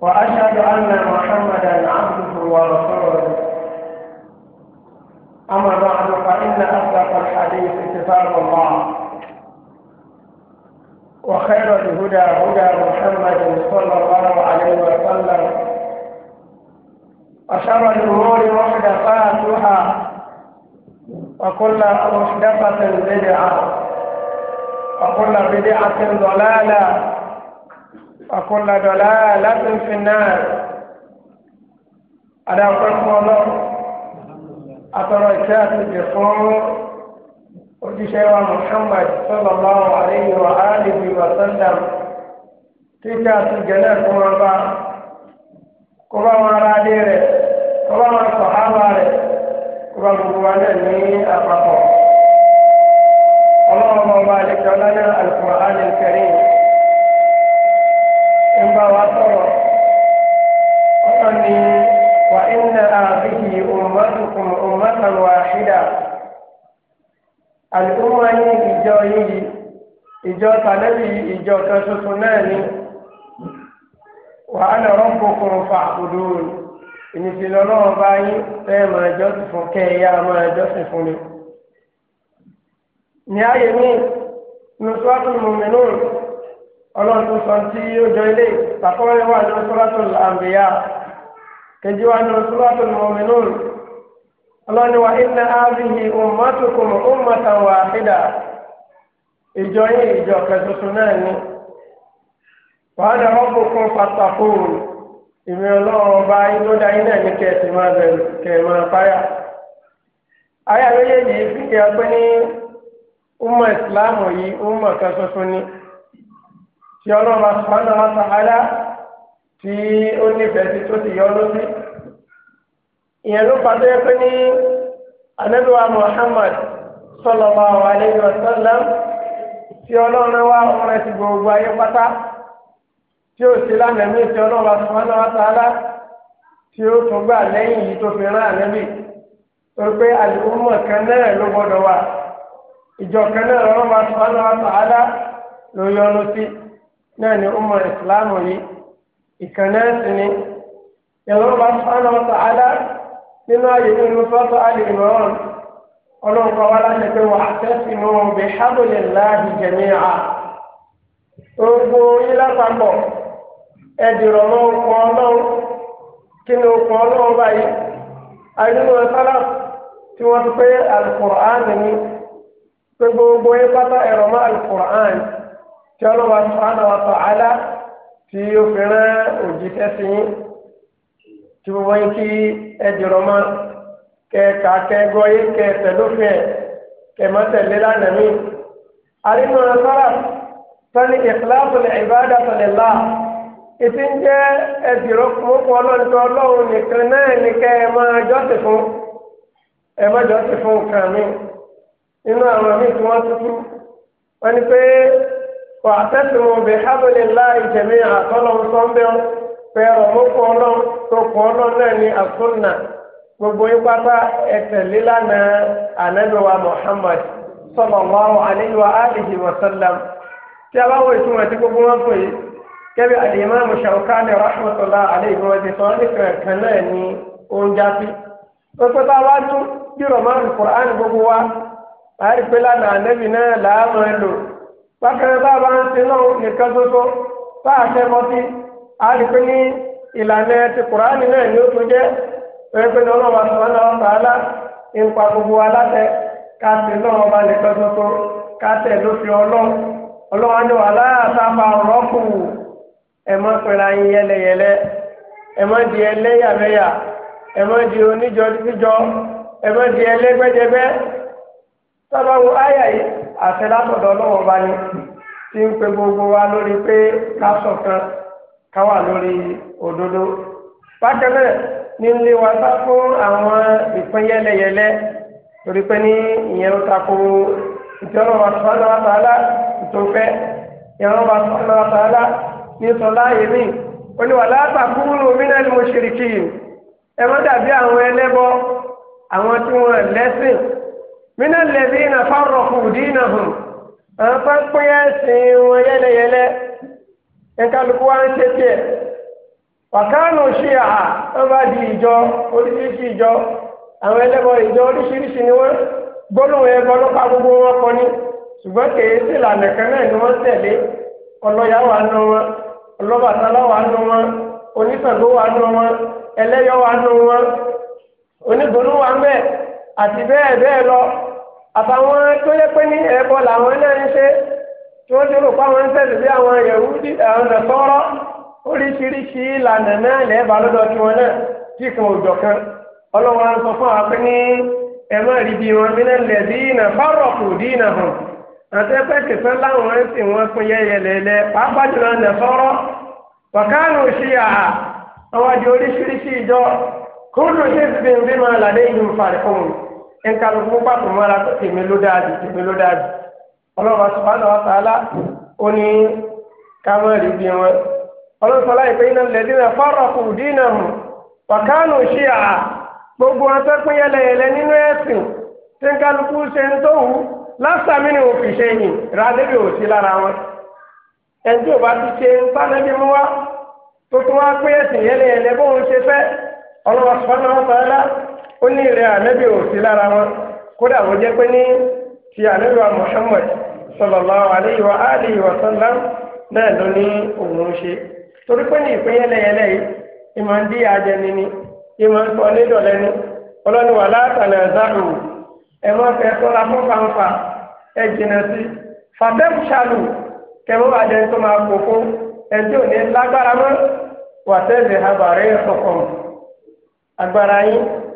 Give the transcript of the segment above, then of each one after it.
وأشهد أن محمدا عبده ورسوله أما بعد فإن أصدق الحديث كتاب الله وخير الهدى هدى محمد صلى الله عليه وسلم وشر الأمور محدثاتها وكل محدثة بدعة وكل بدعة ضلالة وكل ضلالة في النار أنا أقول الله أترى الكاتب يقول òjíṣẹ́ wa Muhammad sallallahu alayhi wa alihi wa sallam tí kí a ti gẹ̀lẹ́ kó wọn bá kó bá wọn ara dé rẹ̀ kó bá wọn sọ̀hábà gbogbo wa náà ní àpapọ̀. ọlọ́run ọba àlejò ọlọ́run al-Qur'an al ń bá wa sọ̀rọ̀ ọ̀sán ni wà inna àbíkì ummatukum ummatan wahida àlùkùnmọ́ yín ìjọ yìí ìjọ tàlẹ́bí ìjọ kan ṣoṣo náà ni wa ana rabbukum fa'budun ìnìfìlọ́ náà bá yín fẹ́ẹ́ máa jọ́sìn fún kẹ́ẹ̀yà máa jọ́sìn fún mi. ní ayé mi nùsọ́tún ọlọ́run tó sọ tí ó jọ ilé ìtàkọ́rẹ́ wà ní suratul anbiya kejì wà ní suratul mu'minun ọlọ́run ni wà inna hadhihi ummatukum ummatan wahida ìjọ yìí ìjọ kẹsùsù náà ni wàá dà rabbukum fattaqun ìmì ọlọ́run ọba inú dá iná ní kẹsì máa bẹ̀rù kẹmọ fáyà ayé àlóyè yìí fi hàn pé ní umma ìsìláàmù yìí umma kan ni tí ọlọ́run asùnmọ́nà àtàlá tí ó nífẹ̀ẹ́ sí tó ti yọ lórí. ìyẹn ló pàtó yẹ pé ní anábíwá Muhammad sallallahu alaihi wasallam tí ọlọ́run wá ọmọ ẹ̀sìn gbogbo ayé pátá tí ó sì lánàá mí tí ọlọ́run asùnmọ́nà àtàlá tí ó tún gbà lẹ́yìn yìí tó fi rán ànábì pé àlùmọ̀ kan náà ló gbọ́dọ̀ wà ìjọ kan náà lọ́rọ̀ máa sọ ọ́nà àtàlá ló náà ni ọmọ ìsìláàmù yìí ìkànnì ẹ̀sìn ni ìyàwó bá sọ́nà ọ̀tà alá nínú ayé nínú sọ́tọ̀ alẹ́ ìmọ̀ràn ọlọ́run kọ́ wá láti pé wà á tẹ́sí mọ́ wọn bí hábòlè láàbì jẹ̀mí à. gbogbo yín lápapọ̀ ẹ mọ́ okùn ọlọ́run kí ni okùn ọlọ́run báyìí àdúgbò sálà tí wọ́n ti pé alukur'an ni gbogbo yín ẹ̀rọ mọ́ alukur'an ni tí ọlọ́wà sọ́hánà wa ta'ala tí ó fi rán òjíṣẹ́ sí yín tí gbogbo yín kí ẹ dìrọ̀ mọ́ kẹ̀ẹ̀ka kẹ́gọ́ yín kẹ̀ẹ̀tẹ̀ lófin ẹ̀ kẹ̀mọ́ tẹ̀lé lánàá mi. àrínú sára sani ikhlasul ibadati lillah ìtí ń jẹ́ ẹ dìrọ̀ fún ọlọ́run tó ọlọ́run nìkan náà ní kẹ́ ẹ máa jọ́sìn fún ẹ máa jọ́sìn mi nínú àwọn míì tí wọ́n tútú wọ́n ní واعتصموا بحبل الله جميعا tọ́lọ́n sọ́ńbẹ́ pẹ̀rọ mú kọ́ ọlọ́n tó kọ́ ọlọ́n náà ní àsúnà gbogbo ipápá ẹ̀tẹ̀lé lánàá ànábẹ́wà Muhammad sallallahu alaihi wa alihi wa sallam tí a bá wọ ìtumọ̀ tí gbogbo wọn fò yìí kẹ́bi al-Imam Shawkani rahmatullah alaihi wa ti sọ ní kankan náà ní oúnjẹ fi pẹpẹ bá wá tún bí rọmọdù Qur'an gbogbo wa àyè pé lánàá ànábì náà làá máa lò bákẹ́rẹ́ bá a bá ń ṣe náà nìkan ṣoṣo bá a ṣe mọ́ sí a lè pín ní ìlànà ti kùránì náà ni ó tún jẹ́ pẹ̀lú pé ọlọ́wà sọ́nà ọ̀tà alá ìpa gbogbo aláṣẹ ká ṣe náà ọba nìkan ṣoṣo ká tẹ̀ ló fi ọlọ́run ọlọ́wà ni wà láàtàfà rọ́pù ẹ̀mọ́ pẹ̀lá yín yẹlẹyẹlẹ ẹ̀mọ́ di ẹlẹ́yàmẹ̀yà ẹ̀mọ́ di oníjọ́ ẹ̀mọ́ di ẹlẹ́gbẹ́jẹgbẹ́ sábàwọ̀ áyà yìí. àṣẹ látọ̀dọ̀ ọlọ́wọ́ bá ní tí ń pe gbogbo wa lórí pé ká ṣọ̀kan ká lórí òdodo. bákan náà fún àwọn ìpín yẹlẹyẹlẹ torí pé ní ìyẹn ló wa wa sàálà ìyẹn wa wa sàálà ní ni mo ṣe rí kí ẹ dàbí àwọn ẹlẹ́bọ àwọn tí wọ́n mina lẹ́dínà na farro hùn àwọn tó ń pín ẹ̀sìn wọn yẹlẹyẹlẹ nkálukú wa ń ṣe tiẹ̀ wàkánù ṣíà wọn bá di ìjọ oríṣiríṣi ìjọ àwọn ẹlẹ́bọ ìjọ oríṣiríṣi ni wọ́n gbólóhùn ẹbọ lọ́pàá gbogbo wọn kọ ní ṣùgbọ́n kèé sí ìlànà kan náà ni wọ́n tẹ̀lé ọlọ́yà wà nù wọn ọlọ́bàtálá wà nù wọn onísàngó wà nù wọn ẹlẹ́yọ wà nù wọn onígbòrò wà ń àti bẹ́ẹ̀ bẹ́ẹ̀ lọ àtàwọn tó yẹ pé ní ẹ̀kọ́ làwọn náà ń ṣe tí wọ́n ti rò pé àwọn ń tẹ̀lé bí àwọn Yẹhudi àwọn Nasara oríṣiríṣi ìlànà náà lẹ́ẹ̀bà lọ́dọ̀ tiwọn náà tí kan kan á sọ fún wa pé ní má rí bí wọn bínú iná dí iná hàn láwọn ń sìn wọn fún pàápàá ẹ̀ńkàlùkù pàtó mọ́ra pé tèmi ló dáa jù tèmi ló dáa jù ọlọ́run subhanahu wa ta'ala ó ní kámẹ́rì bí wọn ọlọ́run sọlá iná yẹlẹyẹlẹ nínú ẹ̀sìn tí ṣe ń lásàmì ni òfin ṣe yìn lára wọn ò bá ti ṣe ń mú pé ẹ̀sìn yẹlẹyẹlẹ ṣe fẹ́ ọlọ́run ó ní ìrẹ́ ànábì ò sí lára wọn kódà wọ́n jẹ́ pé ní ti ànábì wa Muhammad sallallahu alayhi wa alihi wa náà ló ní òun ṣe torí pé ní ìpín yẹlẹyẹlẹ yìí ìmọ̀ ń dí ni ìmọ̀ ń sọ nídọ̀lẹ́nu ọlọ́ni látàlẹ̀ ẹ̀záàrù ẹ fẹ́ sọ́ra fún fanfa ẹ jìnà sí fatẹ́mù ṣàlù kẹmọ́ bàjẹ́ tó máa kókó ẹjọ́ ní lágbára mọ́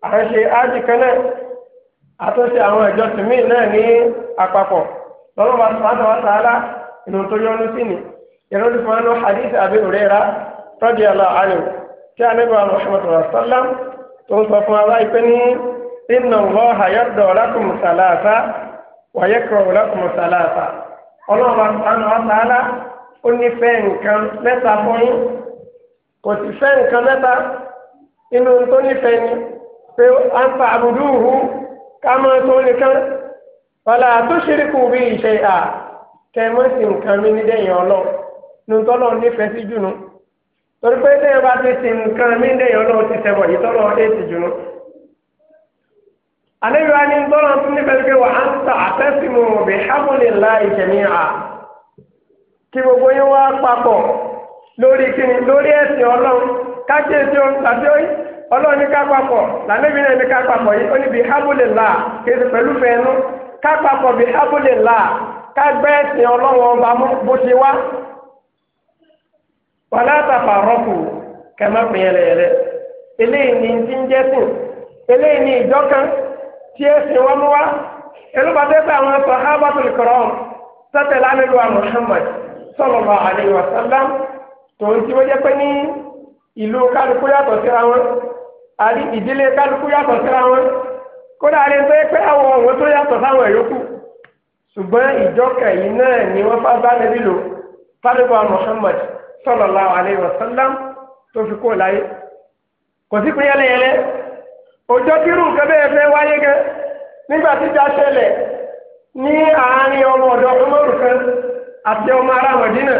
à ń ṣe ájì kan náà àtúnṣe àwọn ìjọsìn míì náà ní àpapọ̀ lọ́wọ́ wa àtàlà ìlú tó yọnu sí ni ìrún fún un hadith àbí òrera tọ́jú ẹ̀ lọ àlù tí a nígbà Muhammad rasulillah tó ń sọ fún wa báyìí pé ní wa yakrahu lakum salasa ọlọ́wọ́ sàánù àtàlà ó ní fẹ́ nǹkan mẹ́ta fún yín kò sì fẹ́ nǹkan mẹ́ta inú pé à ń fa àbùdúhù ká máa tó nìkan wàlà tó ṣeré kù bí ìṣe à kẹ mọ́ sí nǹkan mi ní dẹ́yìn ọlọ́ nùtọ́lọ́ nífẹ̀ẹ́ sí jùnú torí pé tẹ́yìn bá ti sin nǹkan mi ní dẹ́yìn ọlọ́ ti sẹ́wọ̀ yìí tọ́lọ́ ẹ̀ ti jùnú. Ànábì wa tọ́lọ́ tún nífẹ̀ẹ́ sí pé wà á ń ta àtẹ́sìmù bí hábùlélá ìjẹ̀mí à kí gbogbo yín wá papọ̀ lórí kíni lórí ẹ̀sìn ọlọ́run kájé ọlọ́ọ̀ni kápapọ̀ lànàbí náà ní kápapọ̀ yìí ó ní bí hábùlélà kéde pẹ̀lú fẹ́ẹ́nu kápapọ̀ bí hábùlélà kágbẹ́ ẹ̀sìn ọlọ́wọ́ ọba bó ṣe wá. wàlá àtàfà rọ́pù kẹmẹ́ pín yẹlẹyẹlẹ eléyìí ní ti ń jẹ́ eléyìí mú wá àwọn ẹ̀sọ́ hábàtúlì kọ̀rọ̀ ìlú kálukú yàtọ̀ síra wọn. àti ìdílé kálukú yàtọ̀ síra wọn kódà lè pé pé àwọn ọ̀hún tó yàtọ̀ sáwọn ìyókù ṣùgbọ́n ìjọkẹ̀ yìí náà ni wọ́n fá bá níbí lò fádùbà Muhammad sallallahu alaihi wasallam tó fi kó láyé kò sí pé yẹlẹyẹlẹ òjò kírù nǹkan bẹ́ẹ̀ fẹ́ wáyé gan nígbà tí ìjà ṣẹlẹ̀ ní àárín ọmọ ọ̀dọ́ ọmọrù kan àti ọmọ ará Mọ̀dínà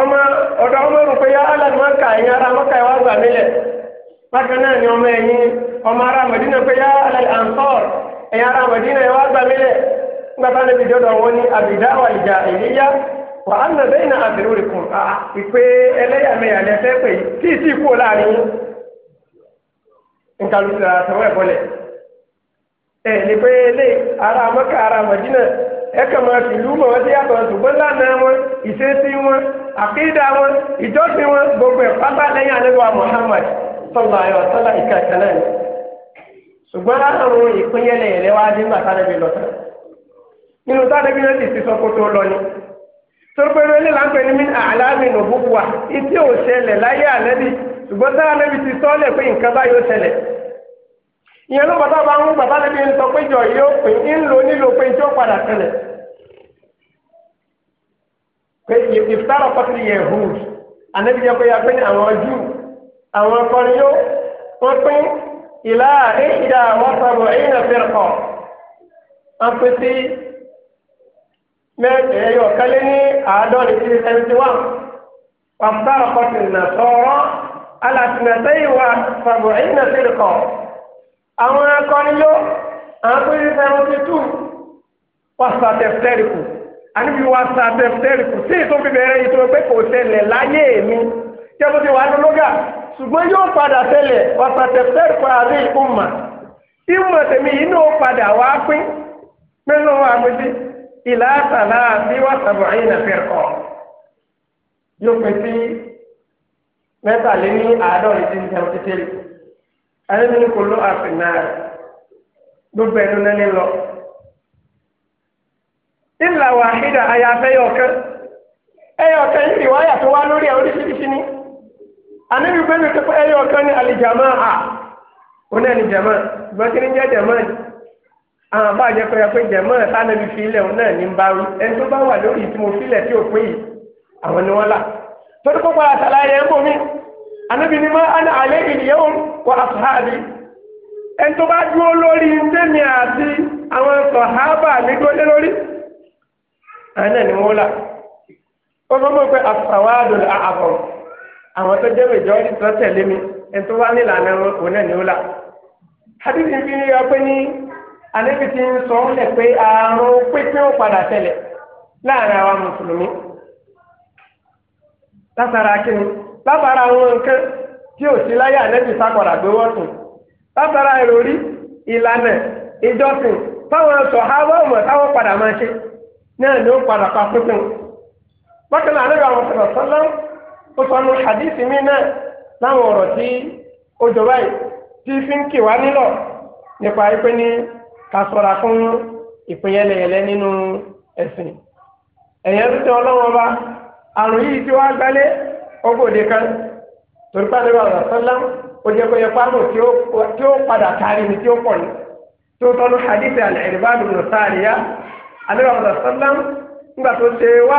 ọmọ ọ̀dọ́ ọmọrù pé yá alẹ́ mọ́kà ẹ̀yìn ará mọ́kà ẹ̀ wá gbà mílẹ̀ bákan náà ni ọmọ ẹ̀yìn ọmọ ará Madina pé yá alẹ́ ansọ́r ẹ̀yìn ará Madina ẹ̀ wá gbà mílẹ̀ nígbà tá níbi dọ́dọ̀ wọn ní àbìdá wà ìjà ìyíyá wà á nà bẹ́yìn náà àbẹ̀rù rẹ̀ kùn ìpè ẹlẹ́yàmẹ̀yà lẹ́fẹ́ pé tí ì tí ì kú láàrin yín nǹkan lùsà àtàwọn ẹ̀bọ̀lẹ̀ ẹ̀ ní pé ilé ará Mẹ́kà ará Madina ẹ kàn máa fi ìlú mọ̀ yàtọ̀ ṣùgbọ́n lánàá wọn ìṣesí wọn àkídà wọn ìjọsìn wọn gbogbo ẹ̀ pátá lẹ́yìn àlẹ́ wa Muhammad sọlá ayọ sọlá ìka ìkànnà ni ṣùgbọ́n àrùn ìpínyẹlẹ yẹlẹ wá dé nígbà sáré lọ nínú sáré bí wọn sì sọ kótó lọ ni torípẹ́rẹ́ ilé là ń pè ní mí àlámì nùbúkúwa ìtí ò ṣẹlẹ̀ láyé ànábì ṣùgbọ́n sáré ànábì ti sọ́ọ́lẹ̀ pé nǹkan báyìí ó ṣẹlẹ̀ ìyẹn ló bàtà bá ń wú bàtà níbi ń sọ pé jọ yóò pín ń lò nílò pé tí padà ṣẹlẹ̀ pé ìfitárọ̀ pọ́tìlì yẹn hù ànábì yẹn pé ya pé àwọn Júù àwọn akọni yó wọ́n pín ìlà ìdá àwọn sọ̀rọ̀ ẹ̀yìn àfẹ́rẹ̀ kọ̀ wọ́n pín sí mẹ́ẹ̀ẹ́ ẹ̀yọ̀ kálẹ̀ ní àádọ́rin sí seventy one wàhálà kọ́tù nàṣọ́rọ́ alàtìmẹ̀sẹ́yìn wa sọ̀rọ̀ ẹ̀yìn àfẹ́rẹ̀ kọ̀ àwọn akọni yó àwọn pín sí seventy two wasatẹfutẹriku anibi wasatẹfutẹriku sí ìtòfi bẹ̀rẹ̀ yìí tó pé kò ṣẹlẹ̀ láyé mi tí a tó ti wà nínú ṣùgbọ́n yóò padà tẹ́lẹ̀ wàtàtẹ̀fẹ́ pàdé ìkùmà ìmọ̀ tèmi yìí ní ó padà wá pín nínú àgbèjì ìlà àtàlà àti wàtàbọ̀ yìí nà fẹ́ kọ́ yóò pín sí mẹ́tàléní àádọ́rin tí ń tẹ̀ ọ́tí tẹ́lẹ̀ ayélujára ní kò ló àfin náà gbogbo ẹnu nání lọ. ìlà wàhídà ayàfẹ́ yọ̀ọ̀kan ẹ̀yọ̀ọ̀kan yìí wáyà tó wá lórí ẹ̀ oríṣiríṣi ni anabi bẹ́ẹ̀ bẹ́ẹ̀ kẹ́kọ̀ọ́ ẹ̀yọ kan ní alìjàmá a oní alìjàmá ìbákiri ń jẹ́ jàmá àwọn àbá àjẹ kọ́ ya pé jàmá tánàbí filẹ̀ òun náà ní bá rú ẹni tó bá wà lórí tí mo filẹ̀ tí ò pé yìí àwọn ni wọ́n là torí kó pa àtàlàyé ẹ̀ ń bò mí anabi ni máa ń alẹ́ ìyẹ́wò wà áfáàbí ẹni tó bá dúró lórí ntẹ́mi àti àwọn sọ̀hábà mi dúró lé lórí àwọn náà ni wọ́n là ó fọ́ mọ́ pé àfàwádùn àbọ̀rọ̀ àwọn tó jẹ́ mẹ́jọ ní tó tẹ̀lé mi ẹni tó wá nílànà òun náà ni ó là. hadithi fi ń yọ pé ní anabi ti ń sọ ọ́n lẹ̀ pé àrùn pínpín ó padà tẹ̀lẹ̀ láàrin àwa mùsùlùmí. látara kíni látara àwọn nǹkan tí ò sí láyé anabi sákọ̀rà gbé wọ́sùn látara ìròrí ìlànà ìjọsìn táwọn sọ̀hábọ̀ ọmọ táwọn padà máa ṣe náà ni ó padà pa pínpín. bákan náà anabi àwọn sọ̀rọ̀ sọ́lá ó sọ nu hadithi mi náà láwọn ọ̀rọ̀ tí ó báyìí tí fi ń kì wá nílọ̀ nípa pé ní ká fún ìpínyẹlẹyẹlẹ nínú ẹ̀sìn ẹ̀yẹ tó tẹ ọlọ́wọ́n bá àrùn yìí tí wọ́n á gbálé ọgọ́dẹ kan torí pàdé wà lọ́sọ́lá ó jẹ́ tí ó padà kárí ni tí ó pọ̀ ní tọ́nu hadithi ńgbà tó ṣe wá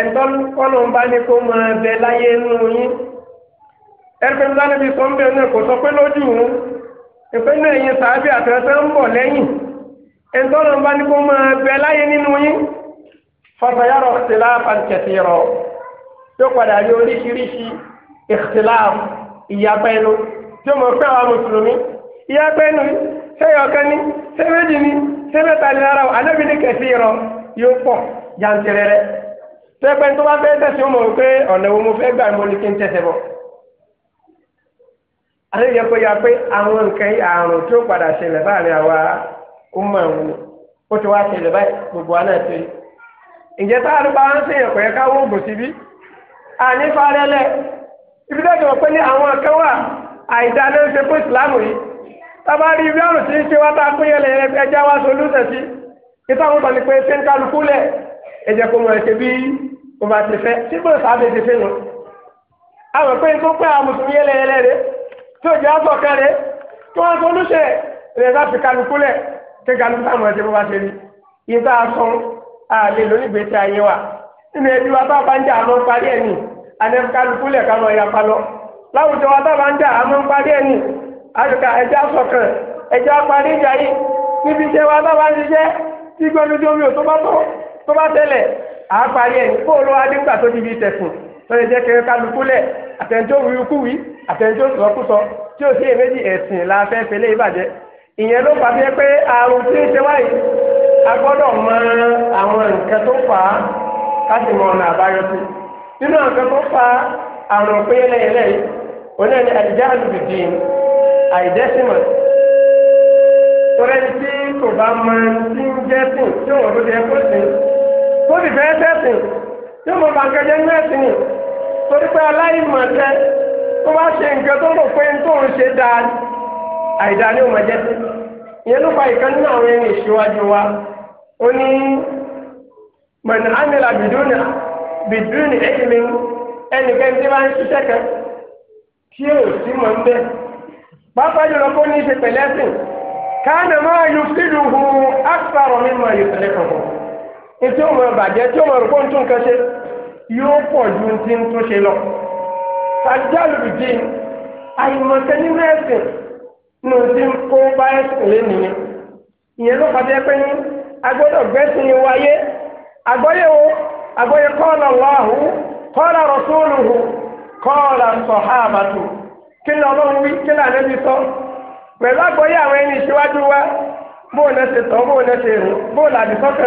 ẹ̀ńtọ́lú kọ́nà ń bá ní kó máa bẹ láyé nù yín ẹgbẹ́ ńlá níbi sọ ń bẹ náà kò sọ pé lójú òun ìpẹ́ náà ẹ̀yin sàábì àtẹ̀tẹ̀ ń bọ̀ lẹ́yìn ẹ̀ńtọ́lú ń bá ní kó máa bẹ láyé nínú yín fọ̀tàyàrọ̀ ṣẹlá pàǹtẹ̀tì rọ̀ tó padà rí oríṣiríṣi ìṣẹ̀láàmù ìyapa tí ó mọ̀ fẹ́ àwọn mùsùlùmí ìyapa ẹnu sẹ́yìn ọ̀kan ní sẹ́mẹ́jì ní sẹ́mẹ́ta ní ara wọn tẹ́gbẹ́ tó bá fẹ́ tẹ̀sí ọmọ mọ̀ pé ọ̀nà wo mo fẹ́ gbà mo ní kí n tẹ̀sẹ̀ bọ̀. àti yẹ kó ya pé àwọn nǹkan àrùn tó padà ṣẹlẹ̀ láàrin àwa ó mọ̀ àwọn ó ti wá ṣẹlẹ̀ báyìí gbogbo wa náà ṣe. ìjẹ́ tá a ló bá ń ṣe ẹ̀kọ́ ògùn síbí àní ibi pé ní àwọn kan wà àìdá ló ń ṣe fún ìsìlámù yìí tábà rí ibi àrùn tí ń ṣe wá tá a pín ẹja wá sí pé ṣé ń kálukú O bá ti fẹ́ tí bóyá sábẹ́ ti fẹ́ wọn. àwọn pé tó pé àwọn mùsùlùmí ẹlẹ́yẹlẹ́ rẹ tí ò jẹ́ àgbọ̀ kan rẹ tí wọ́n tó lóṣè rẹ̀ bá fi kálukú lẹ̀ kí kálukú táwọn ẹ̀jẹ̀ bó bá ṣe rí. ibà sọ àlè lónígbèsè ayé wa nínú ẹbí wa bá bá ń jà àmọ́ parí ẹ̀ nì àná kálukú lẹ̀ káwọn ẹ̀yà palọ́ láwùjọ wa bá bá ń jà àmọ́ parí ẹ̀ nì àdùkà ẹ̀jẹ̀ àsọ̀kan ẹ̀jẹ̀ àparí ìjà yìí níbi iṣẹ́ wa bá bá ń ṣiṣẹ́ tí gbẹ́nu tó ò tó bá tó bá tẹ̀lẹ̀ àáparí ẹ̀yìn kó ló wá tó ti fi tẹ̀sùn tó lè jẹ́ kẹrin kálukú lẹ̀ àtẹnjó wí tí ò ẹ̀sìn la fẹ́ fẹlẹ́ ìbàjẹ́ ìyẹn ló fà bíẹ́ pé àrùn tí ń ṣe wáyé a mọ àwọn nǹkan tó fà á mọ ọ̀nà àbáyọ sí nínú nǹkan tó fà àrùn oní ẹni àdìjá tí kò bá mọ ń tó fẹ́ sẹ́sìn yóò mọ ni torí pé aláìmọ̀tẹ́ tó bá ṣe nǹkan tó rò pé tó ń ṣe dáa àìdáa ni ó máa jẹ́ ìyẹn ló fa ìkan nínú àwọn ẹni ìṣíwájú wa ó ní mọ̀nà ámìlà bìdúnà ẹnìkan tí bá ń ṣiṣẹ́ kan tí ò sí mọ̀ ń bẹ́ẹ̀ pápá kó ní ṣe pẹ̀lẹ́sìn máa yọ mímọ̀ tẹ̀lé kankan. etí ó máa bàjẹ́ tí ó máa rò pé ń tún nǹkan ṣe yóò pọ̀ ju ti ń tún ṣe lọ. àjálù ìdí àìmọ̀tẹ́ nínú ẹ̀sìn ní ti ń kó bá ẹ̀sìn lé nìyẹn. ìyẹn ló pàdé pé ní agbọ́dọ̀ gbẹ́sìn wáyé àgbọ́yé wo àgbọ́yé kí ni ọlọ́run wí kí sọ pẹ̀lú àgbọ́yé àwọn ẹni ìṣíwájú wa bóun náà ṣe tọ́ bóun náà ṣe rìn bóun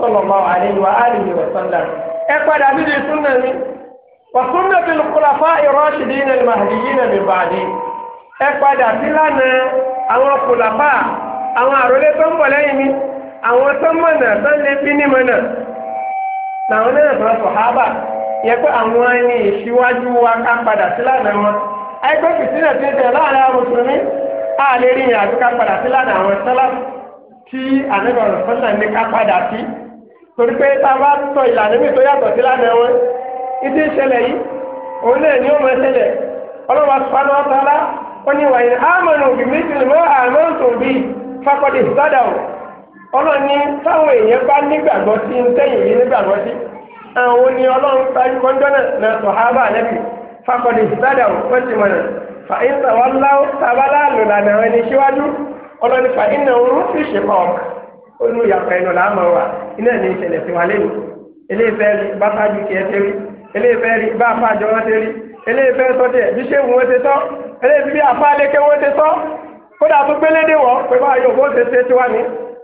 sallallahu alaihi wa alihi ẹ padà bí di mi wa sunnatil khulafa'ir rashidin al-mahdiyyin min ba'di ẹ padà sí lánàá àwọn kùlàfà àwọn àròlé tó ń bọ̀ lẹ́yìn mi àwọn tó mọ̀nà tó lè bí ní mọ̀nà làwọn náà sọ sọ̀hábà yẹ pé àwọn ẹni ìṣíwájú wa ká padà sí wọn ti ń láàrin àlè ká padà sí àwọn tí ní ká padà sí. torí pé tá a bá tọ ìlànà mi tó yàtọ̀ sí lánàá wọn ìdí ìṣẹ̀lẹ̀ yìí òun náà ni ó mọ ẹsẹ̀lẹ̀ ọlọ́wà sọ́nà ọ̀tọ́lá ó ní wàyí àmọ́nù òbí méjìlì mọ́ àmọ́ tòun bí fakọ́dé sádà ọ̀ ọlọ́run ní táwọn èèyàn bá nígbàgbọ́ sí ń tẹ̀yìn yìí nígbàgbọ́ sí àwọn ni ọlọ́run gbajúmọ́ jọ́nà náà sọ̀hábà nẹ́bí fakọ́dé sádà wọ́n ti mọ̀nà fàyín tàwọn láwọ́ tábàlá lòlànà ẹni síwájú ọlọ́run fàyín náà ń rú ó ní ìyàpọ̀ ẹnu làámọ̀ wa iná ní ìṣẹ̀lẹ̀ sí wa lẹ́yìn eléyìí rí bá fájú tiẹ̀ ṣe rí eléyìí rí bá fájọ wọn ṣe rí eléyìí fẹ́ sọ tiẹ̀ bí ṣé wọn ṣe sọ eléyìí bí afálékè wọn ṣe sọ kódà tó gbélédè wọ pé bá yóò bó ṣe ṣe tiwa ní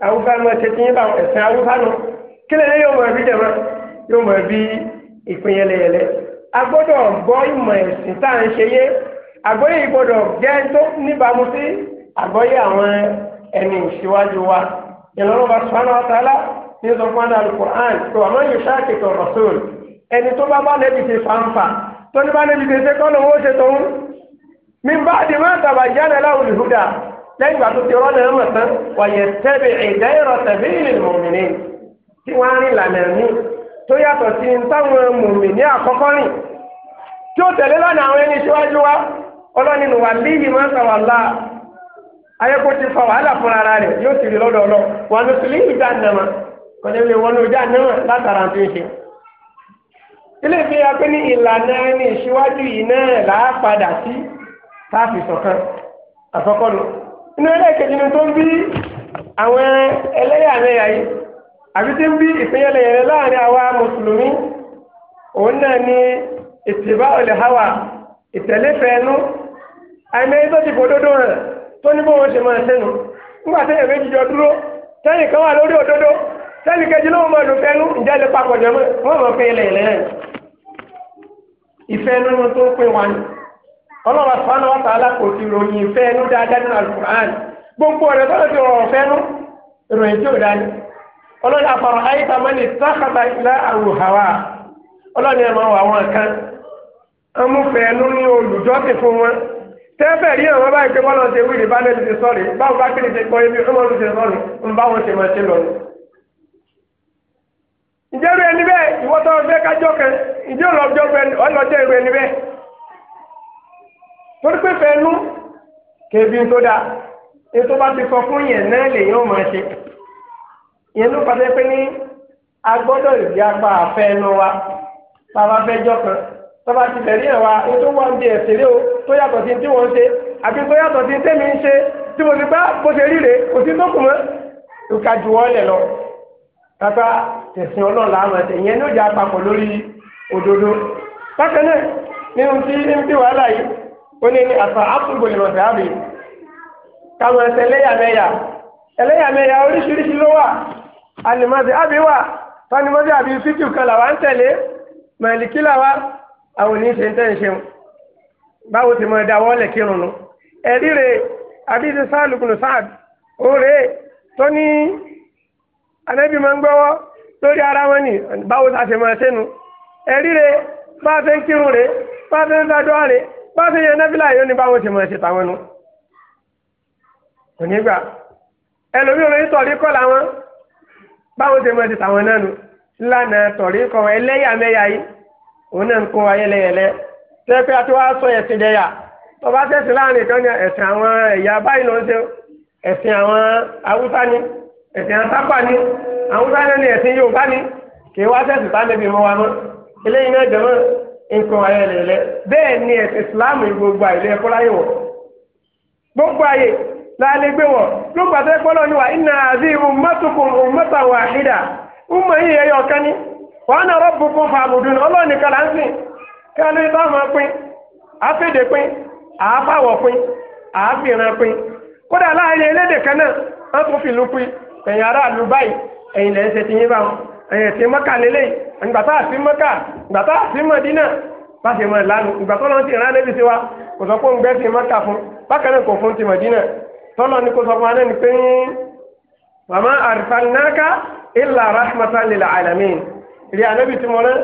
awúfá nu ẹsẹ tí yín bá ẹsẹ awúfá nu kílẹ̀ yóò mọ̀ ẹbí jẹ̀mọ́ yóò mọ̀ ẹbí ìpín yẹlẹyẹlẹ agbọ́dọ̀ gbọ́ ìmọ̀ ẹ̀sìn tá à ń ṣe yé àgbọ́yé ìgbọ́dọ̀ jẹ́ tó níbàámu sí àgbọ́yé àwọn ẹni ìṣíwájú wa ìlọ́run bá sùpánà ọ̀tàlá ní sọ̀kúnmọ́dà alukur'an tó àmọ́ yìí ṣáàkì tó rọ̀sùn ẹni tó bá bá lẹ́bi ṣe fanfa tó ní bá lẹ́bi ṣe kọ́nà owó ṣe tó ń mi bá di má tàbá jáde láwùlì húdà lẹ́yìn ìgbà tó ti rọ́ọ̀nà ẹ̀ mọ̀ tán wàyẹ̀ tẹ́bi ìdá ìrọ̀ tẹ̀bí ìlmùmìnì tí wọ́n á rìn lànà ní tó yàtọ̀ sí táwọn mùmìnì àkọ́kọ́ rìn tí ó tẹ̀lé lánàá àwọn ẹni síwájú wa ọlọ́ni wà líyìí má tàwà láà ayẹ́kọ́ ti fa wàhálà fúnra ara rẹ̀ yóò sì rí lọ́dọ̀ ọlọ́ wọn ló sì léyìn ìjà nàmà kọ́nyẹ́lẹ́ wọn ló jà nàmà látara tó ń ṣe. ilé ìfi apẹ́ ní ìlànà ẹni ìṣíwájú yìí náà làá padà sí káàfì sọ̀kan àkọ́kọ́ lọ. inú ẹlẹ́ẹ̀kejì ni tó ń bí àwọn ẹlẹ́yàmẹ̀yà yìí àbí tí ń bí ìpínyẹlẹyẹlẹ láàrin àwa mùsùlùmí òun náà ni ìtìbá ọ̀lẹ̀ hawa ìtẹ̀lẹ́fẹ̀ẹ́nu àìmẹ́yìn tó ti bòdodo rẹ̀ tó ní bóun ṣe máa sẹ́nu nígbà tẹ́yìn méjì jọ dúró tẹ́yìn kan wà lórí òdodo tẹ́yìn kejì ló máa lò fẹ́nu ìjà lè papọ̀ jẹ́ wọ́n máa pín ilẹ̀ ilẹ̀ ìfẹ́ nínú tó ń pín wa ni ọlọ́run àfọwọ́n wọn tààlà kò ti ròyìn ìfẹ́ nínú dáadáa nínú alukur'an gbogbo rẹ̀ tọ́lá ti rọrùn fẹ́nu ìròyìn tí ò dání ọlọ́run àfọwọ́n ayétamani sákàtà ilá tẹ́fẹ̀ rí ọ̀rọ̀ báyìí pé wọ́n lọ ṣe wíìlì bá lẹ́nu ti sọ̀rí báwo bá kéde ti kọ́ ebi ọmọ ọdún ṣe sọ̀rí ń bá wọn ṣe máa ṣe lọ. ǹjẹ́ irú ẹni bẹ́ẹ̀ ìwọ tó fẹ́ kájọ́ kan ǹjẹ́ ọlọ́jọ́ ọlọ́jọ́ irú ẹni bẹ́ẹ̀. torí pé fẹ́ẹ́nu kèbí tó dáa ètò bá ti sọ fún yẹn náà lèyìn ó máa ṣe. ìyẹn ló pàṣẹ pé ní agbọ́dọ̀ ìdí tọ́ba ti tẹ̀lé ẹ̀ wa ètò wọn di ẹ̀sẹ̀lẹ̀ o tó yàtọ̀ sí tí wọ́n ń ṣe àti tó yàtọ̀ sí tẹ́mi ń ṣe tí mo ti bá bó ṣe rí rè kò sí tó kù mọ́ ìka jù wọ́n lẹ̀ lọ. tata tẹ̀sìn ọlọ́run láàmú ẹ̀sẹ̀ ìyẹn ló jẹ́ àpapọ̀ lórí òdodo. bákan náà nínú tí ń bí wàhálà yìí ó ní ní àṣà àtúgbò lè mọ̀tẹ́ àbí. káwọn ẹsẹ̀ ẹlẹ́yàmẹ̀yà ẹlẹ́yàmẹ̀yà oríṣiríṣi ló wà ànìmọ́sẹ̀ àbí wà fanimọ́sẹ̀ àbí fíjù kan làwọn ń tẹ̀lé màlìkí làwọn àwọn oníṣe ń tẹ̀ ń ṣeun báwo ti mọ ẹ̀dá wọ́ọ̀lẹ̀ kírun nu ẹ̀rí rẹ̀ àbíṣe sáàlùkùnù sáàd òré tó ní anábì máa ń gbọ́wọ́ lórí ara wọn ni báwo ta ṣe máa ṣẹ́nu ẹ̀rí rẹ̀ bá a ṣe ń kírun rẹ̀ bá a ṣe ń dájọ́ rẹ̀ bá a ṣe yẹn nábìlà yóò ní báwo ti máa ṣe tàwọn nu kò ní gbà ẹlòmíràn lórí tọ̀rí kọ́ làwọn báwo ti máa ṣe tàwọn náà nu lánàá tọ̀rí kọ́ ẹlẹ́yàmẹ́yà yìí. òun náà ń kó wa yẹlẹyẹlẹ tẹ pé a esi wá sọ ẹ̀sìn dẹ̀yà tó bá tẹ̀sí láàrin kan ní ẹ̀sìn àwọn ẹ̀yà báyìí lọ ṣe àwọn ni ẹ̀sìn ni haúsá náà ni ni kì í wá wa mọ́ eléyìí náà jẹ́ mọ́ islam gbogbo láyé gbogbo àyè gbé ni wà àzí wọn náà rọ́bù fún fàbùdùn ọlọ́ọ̀nì ń sìn kí wọn máa pín àfẹ́dè pín àáfàwọ̀ pín àáfìràn pín kódà láàrin elédè kan náà wọn tún fìlú pín ẹ̀yìn aráàlú báyìí ẹ̀yìn lẹ́yìn ṣe ti yín ẹ̀yìn ti mọ́kà lélẹ̀ ìgbàtà àti mọ́kà ìgbàtà àti mọ́dínà ìlànà ìgbàtà ti rán sí wa kò sọ rí anábì tí mo rán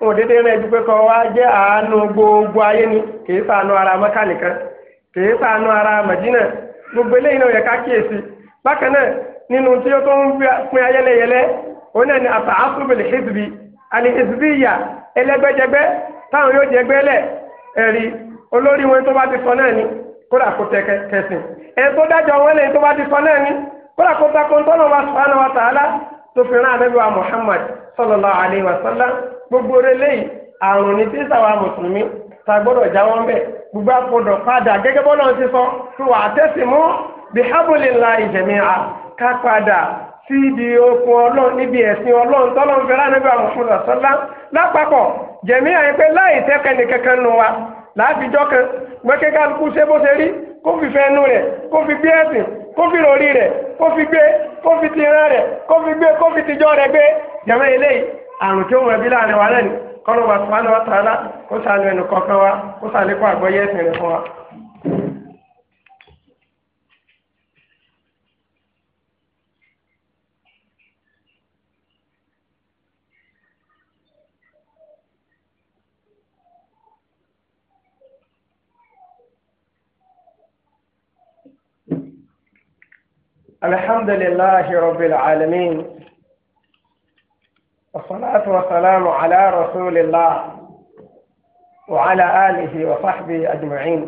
wọn dédé rán ẹjú pé wá àánú gbogbo ayé ni kìí sànú ara mọ́kà nìkan kìí sànú ara màdínà gbogbo eléyìí náà yẹ ká kíyèsí bákan náà nínú tí ó tó ń pín ayẹlẹyẹlẹ òun náà ni àtà áfúrúbìlì hizbi àní hizbi ìyà ẹlẹgbẹjẹgbẹ táwọn yóò jẹgbẹ ẹrí olórí wọn tó bá ti sọ náà ni kódà kó tẹ kẹsìn tó dájọ wọn tó bá ti sọ náà ni kódà kó ń tọ́nà wa wa tó fi sallallahu alaihi wasallam gbogbo eléyìí àrùn ní tí sàwọn mùsùlùmí ta gbọ́dọ̀ já wọn bẹ̀ gbogbo àpọ̀dọ̀ padà gẹ́gẹ́ bọ́lá ti sọ fún wa àtẹ́sí mú bí habulillahi jami'a ká padà sí ibi okun ọlọ́run níbi ẹ̀sìn ọlọ́run tọ́lọ́run fẹ́ lánàbí àwọn mùsùlùmí sọ́lá lápapọ̀ jami'a yẹn pé láì tẹ́kẹ́ ní kankan nù wa láàfijọ́ kan gbẹ́kẹ́ kálukú ṣe bó ṣe rí kó fi fẹ́ nú rẹ̀ kó fi bí ẹ̀sìn kó fi rọrí rẹ̀ kó fi gbé kó fi ti rán rẹ̀ kó fi gbé kó fi ti jọ rẹ̀ gbé jẹ̀mọ́ eléyìí àrùn tí ó mọ̀ ẹbí láàrin wa lẹ́nu kọ́nà wà sùpánù wa kó sànù ẹnu kọ̀ọ̀kan wa kó sàlékún àgbọ́yé ẹ̀sìn rẹ̀ fún wa. الحمد لله رب العالمين والصلاة والسلام على رسول الله وعلى آله وصحبه أجمعين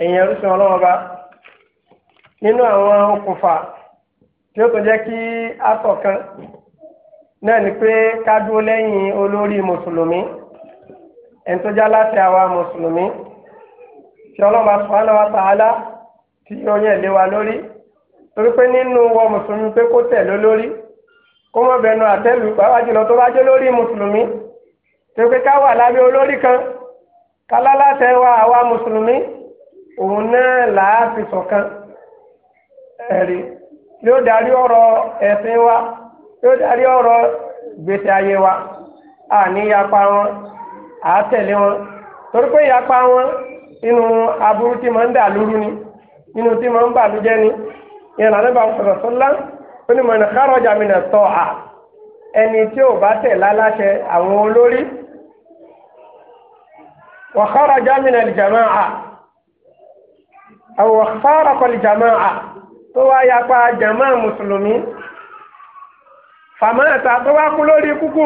إن ẹrúsìn الله bá nínú àwọn okùnfà tí ó tó jẹ́ kí a ṣọ̀kan náà ni pé ká dúró lẹ́yìn olórí mùsùlùmí ẹni tó já láti àwa mùsùlùmí tí ọlọ́wọ́ subhanahu wa ta'ala tí yóò yẹ̀ lé wa lórí. torí pé nínú wọ mùsùlùmí pé kó tẹ̀ lólórí kó mọ̀ bẹnu àtẹ́lù pàápàá jùlọ tó bá jẹ́ lórí mùsùlùmí torí pé lábẹ́ olórí kan kálálàtẹ̀ wa àwa mùsùlùmí òun náà làá fi ṣọ̀kan ẹ̀rí yóò darí ọ̀rọ̀ ẹ̀sìn wa yóò darí wa wọn àátẹ̀lé wọn torí pé wọn inú aburú máa ń dà lóru ni ìrìn àdébà sọ̀rọ̀ sọ́lá ó ní mọ̀nà kárọ̀jà mi nà tọ́ à ẹni tí ò bá tẹ̀ láláṣẹ àwọn olórí wà kárọ̀jà mi nà lìjàmá à àwọn fárọ̀kọ̀ lìjàmá à tó wá yapa jàmá mùsùlùmí fàmáàtà tó wá kú lórí kúkú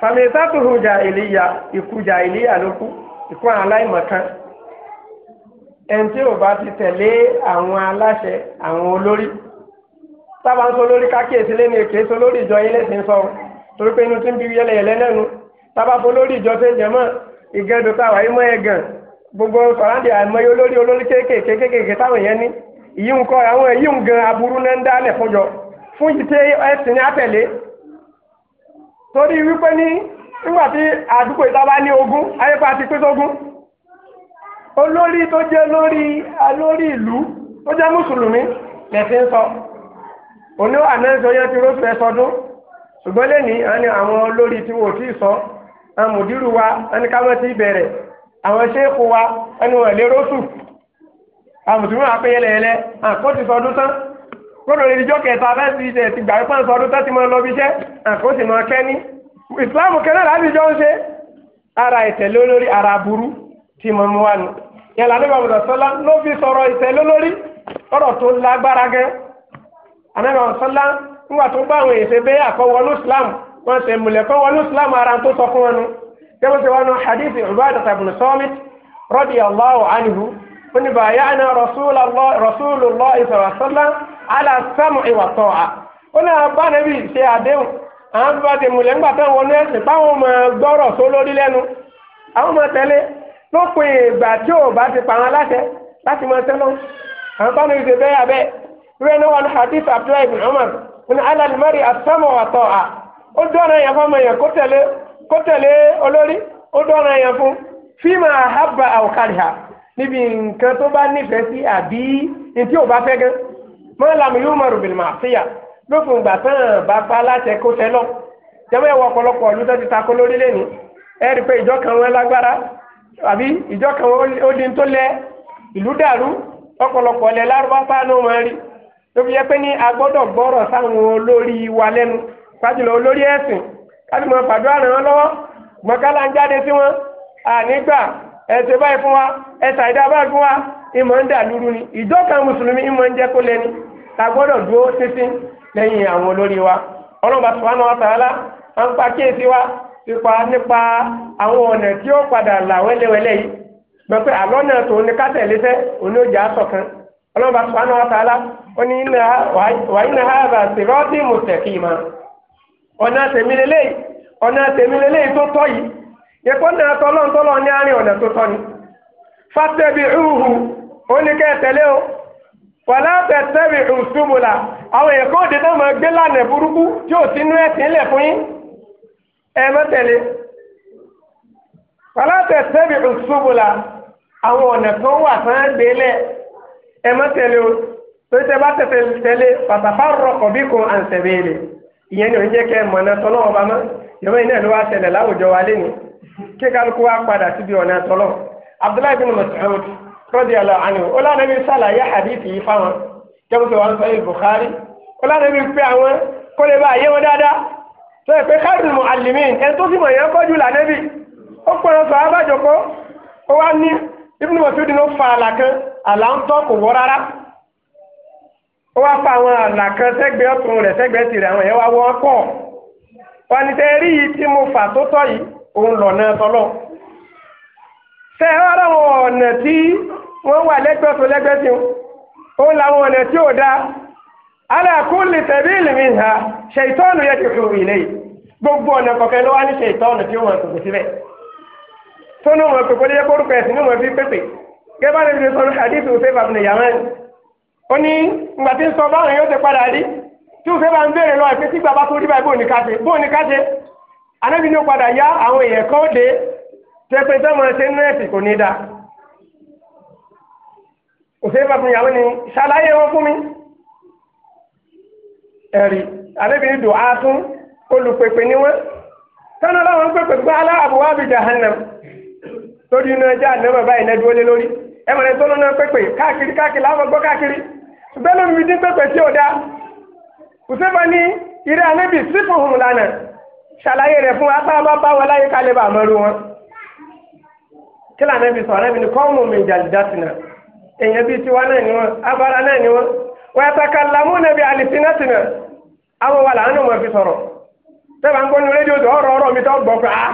fàmìtàtùhù jà ìlíyà ikú jà ìlíyà ló kú ikú àláìmọ̀kan ẹni tí ò bá ti tẹ̀lé àwọn aláṣẹ àwọn olórí sábà ń sọ lórí kákíyèsí lẹ́nu èké sọ lórí ìjọ yín lẹ́sìn sọ torí pé inú tí ń bí yẹlẹyẹlẹ náà nu sábà fọ lórí ìjọ tó ń jẹ mọ́ ìgẹ̀dọ̀ táwa yìí mọ́ ẹ̀gàn gbogbo sọ̀rọ̀dì àìmọye olórí olórí kéékèèké kéékèèké táwọn èèyàn ní ìyí ń kọ́ àwọn èyí ń gan aburú náà ń dálẹ̀ fọjọ́ fún yìí ẹ̀sìn àtẹ̀lé torí wípé ní nígbà tí àdúgbò ìta bá ní ogún ayépa ti pé sógún olórí tó jẹ́ lórí alórí ìlú tó jẹ́ mùsùlùmí lẹ̀sí ń sọ òní ànáńsọ yẹn ti róṣù ẹ sọdún ṣùgbọ́n lẹ́ni àni àwọn olórí tí wò tí ì sọ àwọn mùdírù wa ẹni ká mọ́ ti bẹ̀rẹ̀ àwọn ṣéèkù wa ẹni wọ̀n lé róṣù àwọn mùsùlùmí wa pé yẹlẹyẹlẹ àkó ti sọdún tán kódò lè dijọ́ kẹta fẹ́ ti ti gbà pé sọdún tán ti mọ lọ bí àkó sì mọ kẹ́ni ìsìláàmù kẹ́lẹ́ làbíjọ́ ń ṣe ara ìtẹ̀lé olórí ara burú tí mo mú wa nù yẹn lànà ìbámu sọlá ló fi sọ̀rọ̀ ìtẹ̀lẹ́ lórí ọ̀rọ̀ tó lágbára gẹ́ anábà sọlá ńgbà tó bá àwọn èsè bẹ́ẹ̀ islam wọn ṣe mùlẹ̀kọ́ islam ara tó sọ fún wọn nù yẹ́n ṣe wọn nù hadith Ubadah ibn Samit radiyallahu anhu wọn ni bayana rasulullah ala sam'i wa ta'a wọn lópin ìgbà tí ò bá ti pa àwọn aláṣẹ láti máa tẹ́lọ́ àwọn kan lóye bẹ́ẹ̀ abẹ́ wọn a ó dọ́nà yẹn fún ọmọ yẹn kó tẹ̀lé olórí ó dọ́nà yẹn fún fíìmù àhábà àwòkàlìhà níbi nǹkan tó bá nífẹ̀ẹ́ sí àbí ò bá fẹ́ gan mọ́làmù yóò mọ̀rù bìlì máa fìyà lófin ìgbà tán bá pa aláṣẹ kó ọ̀pọ̀lọpọ̀ ọ̀lú àbí ìjọ kan ó di tó lẹ ìlú dàrú ọ̀pọ̀lọpọ̀ lẹ lárúbá sáánù wọn rí tó fi yẹ pé ní a gbọ́rọ̀ sáwọn olórí wa lẹnu pàjùlọ olórí ẹsìn káti mọ fàdúrà wọn lọ́wọ́ ń jáde sí wọn ànígbà báyìí fún wa báyìí fún wa ìmọ̀ ń dà lúru ni ìjọ wa ọlọ́ba tààlà à ń pa kíyèsí wa nípa nípa àwọn ọ̀nà tí ó padà là wẹ́lẹ́wẹ́lẹ́ yìí gbẹ̀pẹ́ àlọ́ tó ní kátẹ̀lẹ́sẹ̀ oníjà sọ̀kan ọlọ́ba sùpánù ọ̀tàlá ó ní wàyínà hàbà sèrọ́ọ̀tì mùsẹ̀kìmà ọ̀nà tèmílélẹ́ ọ̀nà tèmílélẹ́ tó tọ́ yìí tọ́lọ́ ní àárín ọ̀nà tó tọ́ ni fàtẹ́bì rúhù ó ní kẹ́ o wàlá tẹ̀tẹ́bì àwọn ẹ mẹ́tẹ̀lé falata àwọn ọ̀nà tó wà sàn délẹ̀ ẹ o torí bá tẹ̀tẹ̀ tẹ́lé pàtàkì rọkọ̀ bí à ń ìyẹn ni ò ń jẹ́ kẹ́ mọ̀nà tọ́lọ́ ọba mọ́ yọ̀wé iná ló wá ṣẹlẹ̀ láwùjọ wa lé kí kálukú wa padà síbi ọ̀nà tọ́lọ́ Abdullahi bin tó yẹ pé káàdùn mọ àlìmí ẹni tó sì mọ èèyàn kọjú là nẹ́bí ó pẹ́ ọ̀sọ̀ abájọpọ̀ ó wá ní ibùdó mọ̀síwìdì ló fa àlà kan àlà ń tọ́ kò wọ́ rárá ó wá fa àwọn àlà kan sẹ́gbẹ́ ọ̀tún rẹ̀ sẹ́gbẹ́ tirẹ̀ àwọn èèyàn wá wọ́n pọ̀ wá ní tẹ́ rí yìí tí mo fà tó tọ́ yìí òun lọ̀nà tọ́lọ̀ tẹ́ ẹ wá láwọn ọ̀nà tí wọ́n wà lẹ́gbẹ́ ọ̀tún lẹ́gbẹ́ tí òun làwọn ọ̀nà tí ò dáa ala kulli sabil minha ṣètọ́nù yẹ ti fi wìlẹ̀ yìí gbogbo ọ̀nà kọ̀ọ̀kan ló wá ní ṣètọ́nù tí ó wọn tòkè síbẹ̀ tó ní wọn pèpè lóye kórúkọ ẹ̀sìn ní wọn fi pèpè gẹ́gẹ́ bá lè fi sọ̀rọ̀ hadith Usayf ibn Yaman ó ní ìgbà tí ń sọ báwọn yóò ti padà rí tí Usayf bá ń béèrè lọ ìpín sígbà bá ẹ̀rí àbẹ́bí dùn á tún olùpèpè ni wọ́n tọ́nà láwọn ń pèpè gbọ́ alá àbúwá bi jahannam lórí iná ẹja ànámà báyìí náà dúró lé lórí ẹ mọ̀ ní tọ́nà náà pèpè káàkiri káàkiri láwọn gbọ́ káàkiri ṣùgbọ́n lómi fi dín pèpè tí ò dá ní ìrẹ́ sífù hùn ṣàlàyé rẹ̀ fún wọn àwọn wa làánú wọn fi sọ̀rọ̀ tẹ́wà ń gbọ́nu rédíò tó ọ̀rọ̀ ọ̀rọ̀ mi tó gbọ́ pé a ah,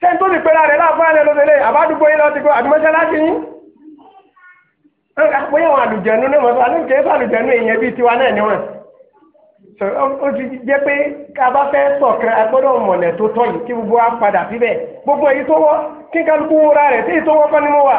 ṣé n tó ti pera rẹ̀ láàfáà lẹ́nu tẹ́lẹ̀ àbádùgbò yín lọ́ọ́ ti kó àdìmọ́ṣáláṣí yín bóyá àwọn àlùjẹ̀nu náà mọ̀ sọ́dún kìí sọ àlùjẹ̀nu èèyàn bíi tiwa náà ni wọ́n ó ti jẹ́ pé ká bá fẹ́ ṣọ̀kan agbọ́dọ̀ mọ̀lẹ̀ tó tọ́ yìí kí gbogbo wa padà síbẹ̀ gbogbo èyí tó wọ́ kí kálukú wúra rẹ̀ tí èyí tó wọ́ kọ́ ni mo wà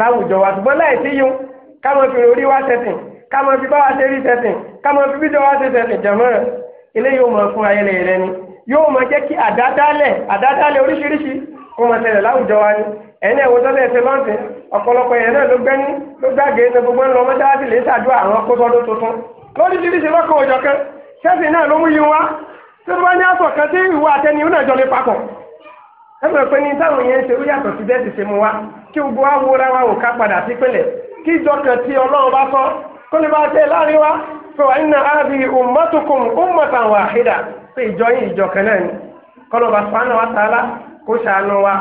láwùjọ wa ṣùgbọ́n láì sí yún ká máa fi orí wá sẹ́sìn ká máa fi báwa ṣe rí sẹ́sìn ká máa fi bíjọ wá ṣe sẹ́sìn jẹ̀mọ́ rẹ̀ eléyìí yóò máa fún ayẹlẹ rẹ ni yóò máa jẹ́ kí àdádálẹ̀ àdádálẹ̀ oríṣiríṣi kó máa ṣẹlẹ̀ láwùjọ wa ni ẹ̀yin ẹ̀wọ̀n tó lẹ́sẹ̀ lọ́ọ̀tì ọ̀pọ̀lọpọ̀ yẹn náà ló gbẹ́ni ló gbàgbé ní gbogbo ńlọ mọ́ṣáláṣí lè ṣàdúrà àwọn kótọ́dún tuntun lóríṣiríṣi lọ́kàn òjọ̀ kan sẹ́sìn náà ló mú yín wá tó bá ní àtọ̀ kan tí ìwọ àtẹniyún náà jọ lè papọ̀ ẹ mọ̀ pé ní táwọn yẹn ń ṣe ó yàtọ̀ sí bẹ́ẹ̀ ti ṣe mu wá kí gbogbo wa wúra wa ò ká padà sí pẹ̀lẹ́ kí ìjọkàn tí ọlọ́run bá sọ kó lè máa tẹ láàrin wa pé wà nínú àbí ummatukum ummatan wahida pé ìjọ yìí ìjọkàn náà ni kọlọba sùpánà wa tààlà kó ṣàánú wa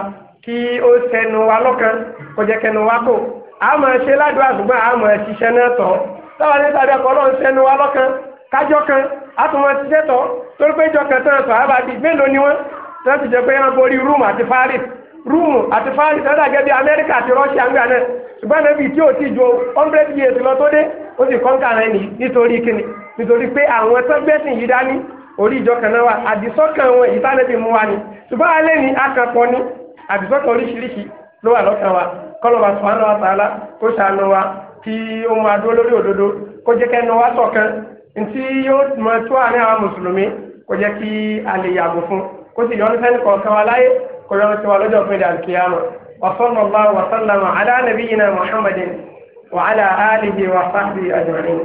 kí ó sẹnu wa lọ́kàn kó jẹ́ kẹnu wa kó àmọ́ ṣe ládùúgbò àdúgbò àmọ́ ṣiṣẹ́ náà tọ́ táwa ní sábẹ́ kọ́ sẹnu wa lọ́kàn kájọ́ kan àtúmọ̀ ṣiṣẹ́ tọ́ torí pé ìjọkàn tán sọ rúùmù àti fáńsì tó dàgẹ́ bí amẹ́ríkà àti rọ́ṣíà ń gbà náà ṣùgbọ́n níbi tí ò ti ju hundred years lọ tó dé ó sì kọ́ńkà rẹ̀ nìyí nítorí kíni nítorí pé àwọn tó gbẹ́sìn yìí dání orí ìjọ kan náà wà àdìsọ́kàn wọn èyí tánẹ́bí mú wa ni ṣùgbọ́n alẹ́ ni akànpọ̀ ni àdìsọ́kàn oríṣiríṣi ló wà lọ́kàn wa kọ́lọ́ba sọ̀hánà wa tààlà kó ṣàánú wa kí ó kó sì yọ ọ́nùfẹ́ kọ̀ọ̀kan wa láyé kó yọ ọ́nùfẹ́ wa lọ́jọ́ pé dàrú kìyàmù وصلى الله وسلم على نبينا محمد وعلى آله وصحبه أجمعين